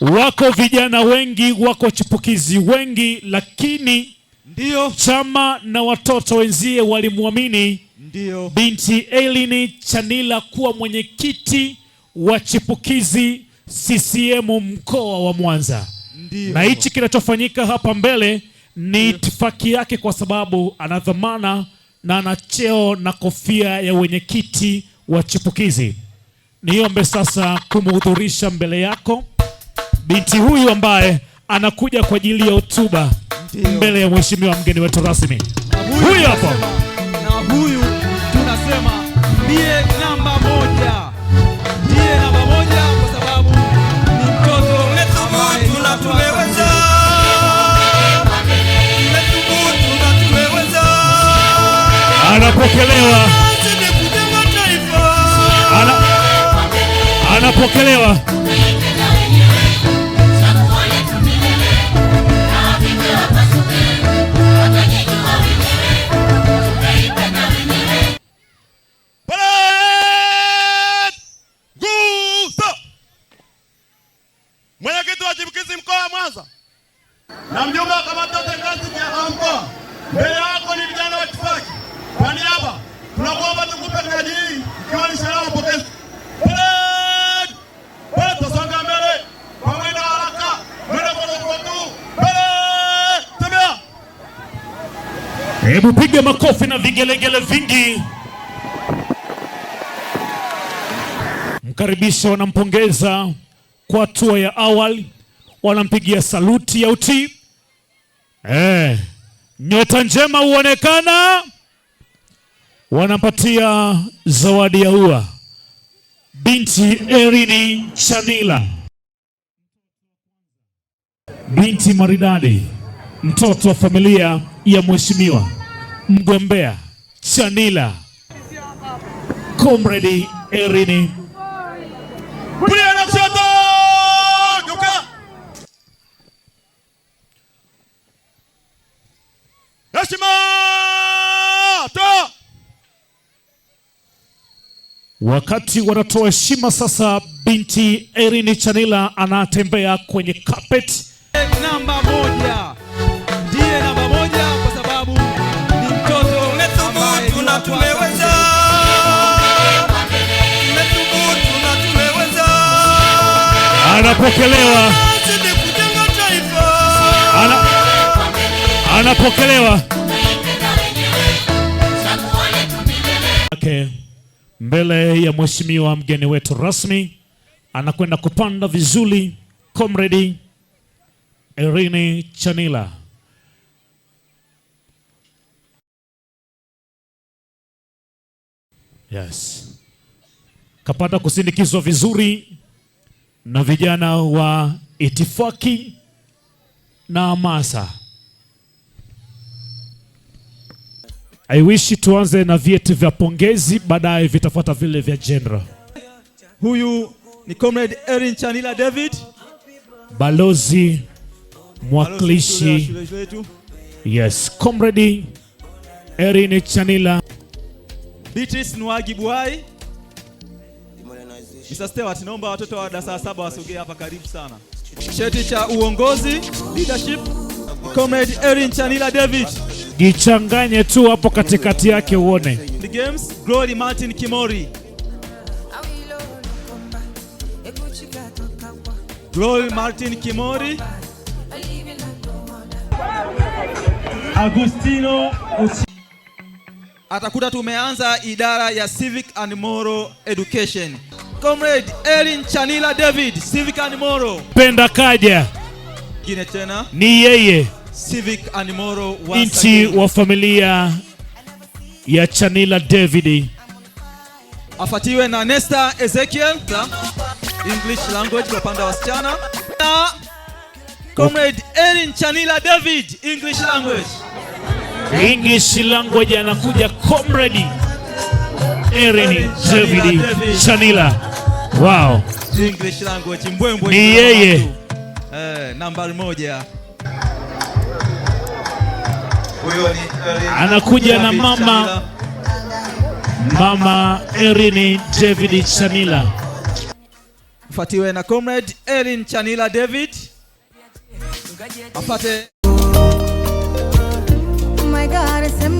Wako vijana wengi, wako chipukizi wengi, lakini ndio Chama na watoto wenzie walimwamini ndio binti Eileen Chanila kuwa mwenyekiti wa chipukizi CCM mkoa wa Mwanza. Ndiyo. Na hichi kinachofanyika hapa mbele ni itifaki yake kwa sababu ana dhamana na ana cheo na kofia ya wenyekiti wa chipukizi. Niombe sasa kumhudhurisha mbele yako binti huyu ambaye anakuja kwa ajili ya hotuba mbele ya mheshimiwa mgeni wetu rasmi huyu hapo na huyu tunasema ndiye namba moja, ndiye namba moja kwa sababu ni mtoto tunatuweza anapokelewa anapokelewa mkoa wa Mwanza na mjumbe wa kamati ya utendaji ya mkoa, mbele yako ni vijana wa itifaki. Kwa niaba tunakuomba tukupe kadi hii ikiwa ni salamu ya pongezi. Tasonga Hebu piga makofi na vigelegele vingi, mkaribisha wanampongeza kwa hatua ya awali wanampigia saluti ya utii eh, nyota njema huonekana, wanampatia zawadi ya ua binti Erini Chanila, binti maridadi, mtoto wa familia ya mheshimiwa mgombea Chanila Comrade Erini heshima. Toa. Wakati wanatoa heshima sasa, binti Erin Chanila anatembea kwenye carpet. Namba moja ndiye namba moja kwa sababu ni mtoto umethubutu na tumeweza anapokelewa, anapokelewa yake mbele ya mheshimiwa mgeni wetu rasmi, anakwenda kupanda vizuri comrade Irene Chanila. Yes. Kapata kusindikizwa vizuri na vijana wa itifaki na masa I wish tuanze na vyeti vya pongezi, baadaye vitafuata vile vya general. Huyu ni Comrade Erin Chanila David, balozi mwakilishi. Yes, Comrade Erin Chanila. Beatrice Nwagi Buhai. Mr. Stewart, naomba watoto wa darasa saba wasogee hapa karibu sana. Cheti cha uongozi leadership, Comrade Erin Chanila David. Jichanganye tu hapo katikati yake uone. The games, Glory Martin Kimori. Glory Martin Kimori. Agustino Uchi. Atakuta tumeanza idara ya Civic and Moral Education. Comrade Erin Chanila David, Civic and Moral. Penda kaja. Gine tena. Ni yeye civic nchi wa familia ya Chanila David afatiwe na Nesta Ezekiel English language kwa upande wa wasichana na Comrade Erin Chanila David English language. English language anakuja Comrade Erin David Chanila. Wow. English language mbwembwe. Ni yeye. Eh, nambari moja anakuja na mama mama Erin David Chanila, fatiwe na comrade Erin Chanila David apate. Oh my God,